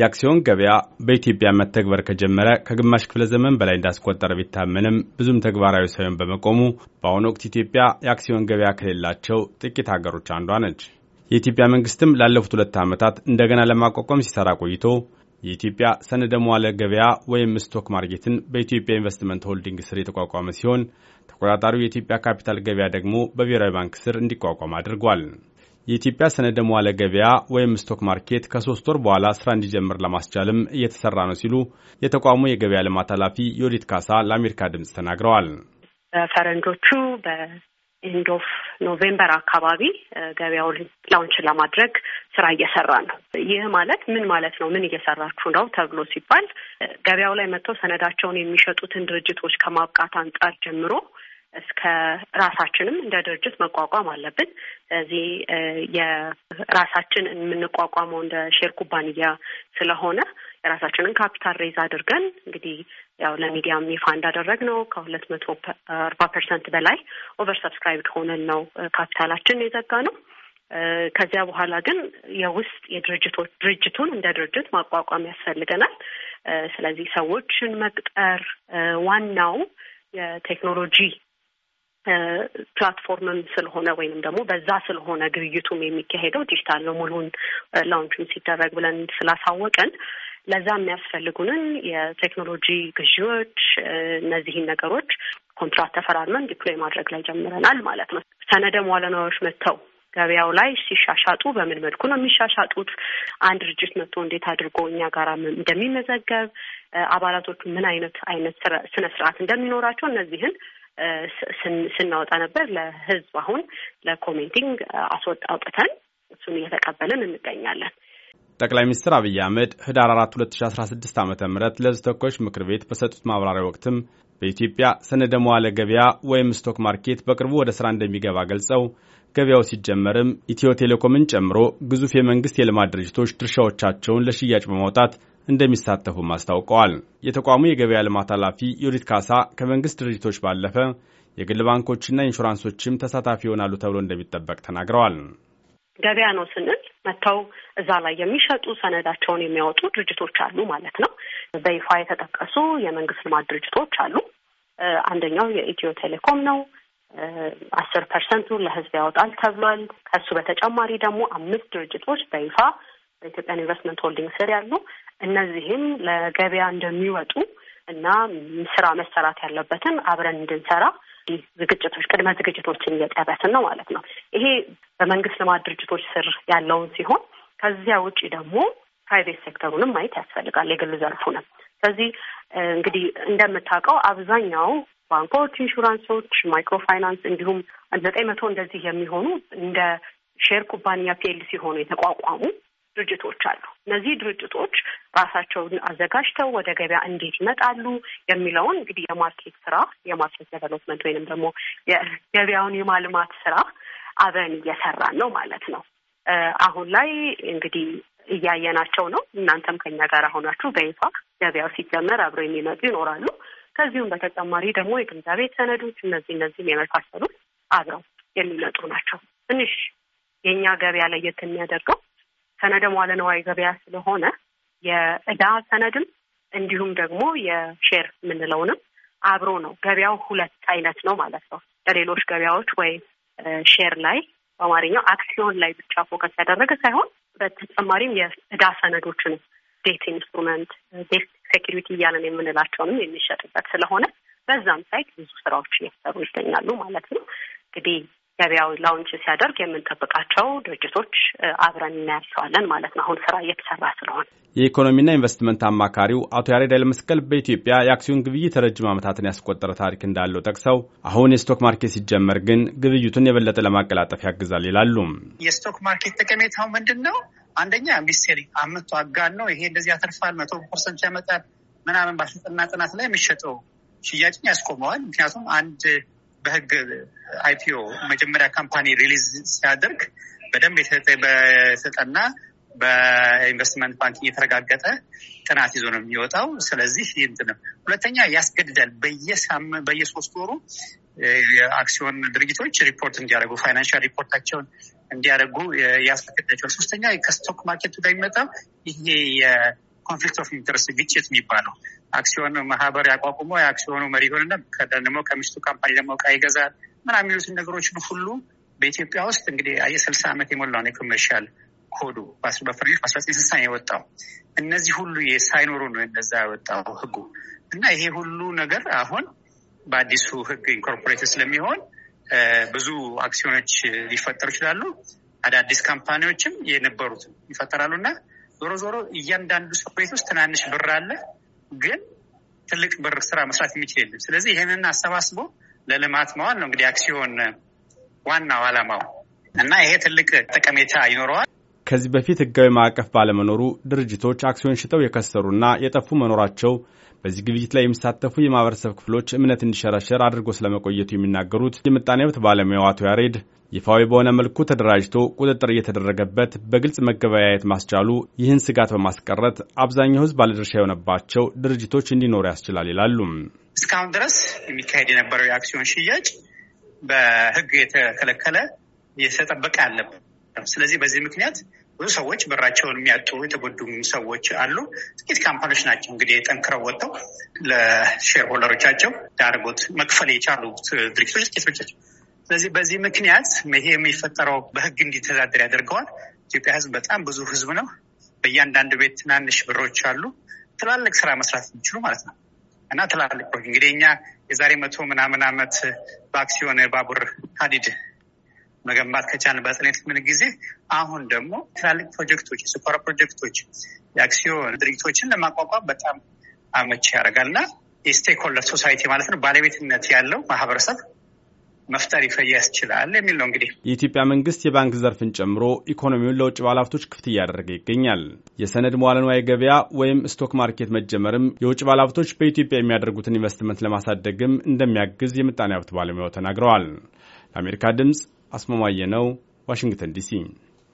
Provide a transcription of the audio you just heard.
የአክሲዮን ገበያ በኢትዮጵያ መተግበር ከጀመረ ከግማሽ ክፍለ ዘመን በላይ እንዳስቆጠረ ቢታመንም ብዙም ተግባራዊ ሳይሆን በመቆሙ በአሁኑ ወቅት ኢትዮጵያ የአክሲዮን ገበያ ከሌላቸው ጥቂት ሀገሮች አንዷ ነች። የኢትዮጵያ መንግስትም ላለፉት ሁለት ዓመታት እንደገና ለማቋቋም ሲሰራ ቆይቶ የኢትዮጵያ ሰነደ መዋለ ገበያ ወይም ስቶክ ማርኬትን በኢትዮጵያ ኢንቨስትመንት ሆልዲንግ ስር የተቋቋመ ሲሆን ተቆጣጣሪው የኢትዮጵያ ካፒታል ገበያ ደግሞ በብሔራዊ ባንክ ስር እንዲቋቋም አድርጓል። የኢትዮጵያ ሰነደ መዋለ ገበያ ወይም ስቶክ ማርኬት ከሶስት ወር በኋላ ስራ እንዲጀምር ለማስቻልም እየተሰራ ነው ሲሉ የተቋሙ የገበያ ልማት ኃላፊ ዮዲት ካሳ ለአሜሪካ ድምፅ ተናግረዋል። ፈረንጆቹ በኢንድ ኦፍ ኖቬምበር አካባቢ ገበያውን ላውንች ለማድረግ ስራ እየሰራ ነው። ይህ ማለት ምን ማለት ነው? ምን እየሰራችሁ ነው ተብሎ ሲባል ገበያው ላይ መጥተው ሰነዳቸውን የሚሸጡትን ድርጅቶች ከማብቃት አንጻር ጀምሮ እስከ ራሳችንም እንደ ድርጅት መቋቋም አለብን። እዚህ የራሳችን የምንቋቋመው እንደ ሼር ኩባንያ ስለሆነ የራሳችንን ካፒታል ሬዝ አድርገን እንግዲህ ያው ለሚዲያም ይፋ ነው ከሁለት መቶ አርባ ፐርሰንት በላይ ኦቨር ሰብስክራይብድ ሆነን ነው ካፒታላችን የዘጋ ነው። ከዚያ በኋላ ግን የውስጥ የድርጅቶች ድርጅቱን እንደ ድርጅት ማቋቋም ያስፈልገናል። ስለዚህ ሰዎችን መቅጠር ዋናው የቴክኖሎጂ ፕላትፎርምም ስለሆነ ወይንም ደግሞ በዛ ስለሆነ ግብይቱም የሚካሄደው ዲጂታል ነው ሙሉን ላውንችም ሲደረግ ብለን ስላሳወቅን ለዛ የሚያስፈልጉንን የቴክኖሎጂ ግዢዎች እነዚህን ነገሮች ኮንትራት ተፈራርመን ዲፕሎይ ማድረግ ላይ ጀምረናል ማለት ነው። ሰነደ ሙዓለ ንዋዮች መጥተው ገበያው ላይ ሲሻሻጡ በምን መልኩ ነው የሚሻሻጡት? አንድ ድርጅት መጥቶ እንዴት አድርጎ እኛ ጋራ እንደሚመዘገብ፣ አባላቶቹ ምን አይነት አይነት ስነ ስርዓት እንደሚኖራቸው እነዚህን ስናወጣ ነበር። ለህዝብ አሁን ለኮሜንቲንግ አስወጣ አውጥተን እሱን እየተቀበልን እንገኛለን። ጠቅላይ ሚኒስትር አብይ አህመድ ህዳር 4 2016 ዓ ም ለህዝብ ተወካዮች ምክር ቤት በሰጡት ማብራሪያ ወቅትም በኢትዮጵያ ሰነደ መዋለ ገበያ ወይም ስቶክ ማርኬት በቅርቡ ወደ ስራ እንደሚገባ ገልጸው ገበያው ሲጀመርም ኢትዮ ቴሌኮምን ጨምሮ ግዙፍ የመንግስት የልማት ድርጅቶች ድርሻዎቻቸውን ለሽያጭ በማውጣት እንደሚሳተፉም አስታውቀዋል። የተቋሙ የገበያ ልማት ኃላፊ ዩሪት ካሳ ከመንግስት ድርጅቶች ባለፈ የግል ባንኮችና ኢንሹራንሶችም ተሳታፊ ይሆናሉ ተብሎ እንደሚጠበቅ ተናግረዋል። ገበያ ነው ስንል መጥተው እዛ ላይ የሚሸጡ ሰነዳቸውን የሚያወጡ ድርጅቶች አሉ ማለት ነው። በይፋ የተጠቀሱ የመንግስት ልማት ድርጅቶች አሉ። አንደኛው የኢትዮ ቴሌኮም ነው። አስር ፐርሰንቱ ለህዝብ ያወጣል ተብሏል። ከሱ በተጨማሪ ደግሞ አምስት ድርጅቶች በይፋ በኢትዮጵያ ኢንቨስትመንት ሆልዲንግ ስር ያሉ እነዚህም ለገበያ እንደሚወጡ እና ስራ መሰራት ያለበትን አብረን እንድንሰራ ዝግጅቶች ቅድመ ዝግጅቶችን እየጠበስን ነው ማለት ነው። ይሄ በመንግስት ልማት ድርጅቶች ስር ያለውን ሲሆን ከዚያ ውጭ ደግሞ ፕራይቬት ሴክተሩንም ማየት ያስፈልጋል፣ የግል ዘርፉንም። ስለዚህ እንግዲህ እንደምታውቀው አብዛኛው ባንኮች፣ ኢንሹራንሶች፣ ማይክሮ ፋይናንስ እንዲሁም ዘጠኝ መቶ እንደዚህ የሚሆኑ እንደ ሼር ኩባንያ ፒኤልሲ ሆኑ የተቋቋሙ ድርጅቶች አሉ። እነዚህ ድርጅቶች ራሳቸውን አዘጋጅተው ወደ ገበያ እንዴት ይመጣሉ የሚለውን እንግዲህ የማርኬት ስራ የማርኬት ዴቨሎፕመንት ወይንም ደግሞ የገበያውን የማልማት ስራ አብረን እየሰራን ነው ማለት ነው። አሁን ላይ እንግዲህ እያየናቸው ነው። እናንተም ከኛ ጋር ሆናችሁ በይፋ ገበያው ሲጀመር አብረው የሚመጡ ይኖራሉ። ከዚሁም በተጨማሪ ደግሞ ቤት ሰነዶች እነዚህ እነዚህም የመሳሰሉት አብረው የሚመጡ ናቸው። ትንሽ የእኛ ገበያ ለየት የሚያደርገው ሰነደ መዋለ ነዋይ ገበያ ስለሆነ የእዳ ሰነድም እንዲሁም ደግሞ የሼር የምንለውንም አብሮ ነው። ገበያው ሁለት አይነት ነው ማለት ነው። ለሌሎች ገበያዎች ወይ ሼር ላይ በአማርኛው አክሲዮን ላይ ብቻ ፎከስ ያደረገ ሳይሆን በተጨማሪም የእዳ ሰነዶችን ዴት ኢንስትሩመንት፣ ዴት ሴኪሪቲ እያለን የምንላቸውንም የሚሸጥበት ስለሆነ በዛም ሳይት ብዙ ስራዎችን እየተሰሩ ይገኛሉ ማለት ነው። እንግዲህ ገበያው ላውንች ሲያደርግ የምንጠብቃቸው ድርጅቶች አብረን እናያቸዋለን ማለት ነው። አሁን ስራ እየተሰራ ስለሆነ የኢኮኖሚና ኢንቨስትመንት አማካሪው አቶ ያሬድ ኃይለመስቀል በኢትዮጵያ የአክሲዮን ግብይት ረጅም ዓመታትን ያስቆጠረ ታሪክ እንዳለው ጠቅሰው አሁን የስቶክ ማርኬት ሲጀመር ግን ግብይቱን የበለጠ ለማቀላጠፍ ያግዛል ይላሉ። የስቶክ ማርኬት ጠቀሜታው ምንድን ነው? አንደኛ ሚስቴሪ አምቶ አጋን ነው። ይሄ እንደዚህ ያተርፋል መቶ ፐርሰንት ያመጣል ምናምን ባለስልጠና ጥናት ላይ የሚሸጠው ሽያጭን ያስቆመዋል። ምክንያቱም አንድ በህግ አይፒኦ መጀመሪያ ካምፓኒ ሪሊዝ ሲያደርግ በደንብ በተጠና በኢንቨስትመንት ባንክ የተረጋገጠ ጥናት ይዞ ነው የሚወጣው። ስለዚህ ይህንት ነው። ሁለተኛ ያስገድዳል። በየሳም በየሶስት ወሩ የአክሲዮን ድርጅቶች ሪፖርት እንዲያደርጉ ፋይናንሻል ሪፖርታቸውን እንዲያደርጉ ያስገድዳቸዋል። ሶስተኛ ከስቶክ ማርኬቱ ጋር የሚመጣው ይሄ ኮንፍሊክት ኦፍ ኢንተረስት ግጭት የሚባለው አክሲዮን ማህበር ያቋቁሞ የአክሲዮኑ መሪ ሆንና ደግሞ ከሚስቱ ካምፓኒ ደግሞ እቃ ይገዛል ምናምን የሚሉትን ነገሮችን ሁሉ በኢትዮጵያ ውስጥ እንግዲህ የስልሳ ዓመት የሞላውን የኮመርሻል ኮዱ በፈረንጆች በአስራዘጠኝ ስልሳ የወጣው። እነዚህ ሁሉ ሳይኖሩ ነው እነዛ የወጣው ህጉ እና ይሄ ሁሉ ነገር አሁን በአዲሱ ህግ ኢንኮርፖሬት ስለሚሆን ብዙ አክሲዮኖች ሊፈጠሩ ይችላሉ። አዳዲስ ካምፓኒዎችም የነበሩት ይፈጠራሉ እና ዞሮ ዞሮ እያንዳንዱ ሰው ቤት ውስጥ ትናንሽ ብር አለ፣ ግን ትልቅ ብር ስራ መስራት የሚችል የለም። ስለዚህ ይህንን አሰባስቦ ለልማት መዋል ነው እንግዲህ አክሲዮን ዋናው ዓላማው እና ይሄ ትልቅ ጠቀሜታ ይኖረዋል። ከዚህ በፊት ህጋዊ ማዕቀፍ ባለመኖሩ ድርጅቶች አክሲዮን ሽጠው የከሰሩና የጠፉ መኖራቸው በዚህ ግብይት ላይ የሚሳተፉ የማህበረሰብ ክፍሎች እምነት እንዲሸረሸር አድርጎ ስለመቆየቱ የሚናገሩት የምጣኔ ሀብት ባለሙያው አቶ ያሬድ ይፋዊ በሆነ መልኩ ተደራጅቶ ቁጥጥር እየተደረገበት በግልጽ መገበያየት ማስቻሉ ይህን ስጋት በማስቀረት አብዛኛው ህዝብ ባለድርሻ የሆነባቸው ድርጅቶች እንዲኖሩ ያስችላል ይላሉ። እስካሁን ድረስ የሚካሄድ የነበረው የአክሲዮን ሽያጭ በህግ የተከለከለ የተጠበቀ አለበት። ስለዚህ በዚህ ምክንያት ብዙ ሰዎች በራቸውን የሚያጡ የተጎዱ ሰዎች አሉ። ጥቂት ካምፓኒዎች ናቸው እንግዲህ ጠንክረው ወጥተው ለሼር ሆልደሮቻቸው ዳርጎት መክፈል የቻሉት ድርጅቶች ጥቂቶች ናቸው። ስለዚህ በዚህ ምክንያት ይሄ የሚፈጠረው በህግ እንዲተዳደር ያደርገዋል። ኢትዮጵያ ህዝብ በጣም ብዙ ህዝብ ነው። በእያንዳንድ ቤት ትናንሽ ብሮች አሉ። ትላልቅ ስራ መስራት የሚችሉ ማለት ነው እና ትላልቅ እንግዲህ እኛ የዛሬ መቶ ምናምን ዓመት በአክሲዮን ባቡር ሀዲድ መገንባት ከቻልን በጽነት ምን ጊዜ አሁን ደግሞ ትላልቅ ፕሮጀክቶች፣ የስኳር ፕሮጀክቶች፣ የአክሲዮን ድርጅቶችን ለማቋቋም በጣም አመቺ ያደርጋል እና የስቴክሆልደር ሶሳይቲ ማለት ነው ባለቤትነት ያለው ማህበረሰብ መፍጠር ያስችላል የሚል ነው። እንግዲህ የኢትዮጵያ መንግስት የባንክ ዘርፍን ጨምሮ ኢኮኖሚውን ለውጭ ባለሀብቶች ክፍት እያደረገ ይገኛል። የሰነድ መዋለ ንዋይ ገበያ ወይም ስቶክ ማርኬት መጀመርም የውጭ ባለሀብቶች በኢትዮጵያ የሚያደርጉትን ኢንቨስትመንት ለማሳደግም እንደሚያግዝ የምጣኔ ሀብት ባለሙያው ተናግረዋል። ለአሜሪካ ድምጽ አስማማየ ነው፣ ዋሽንግተን ዲሲ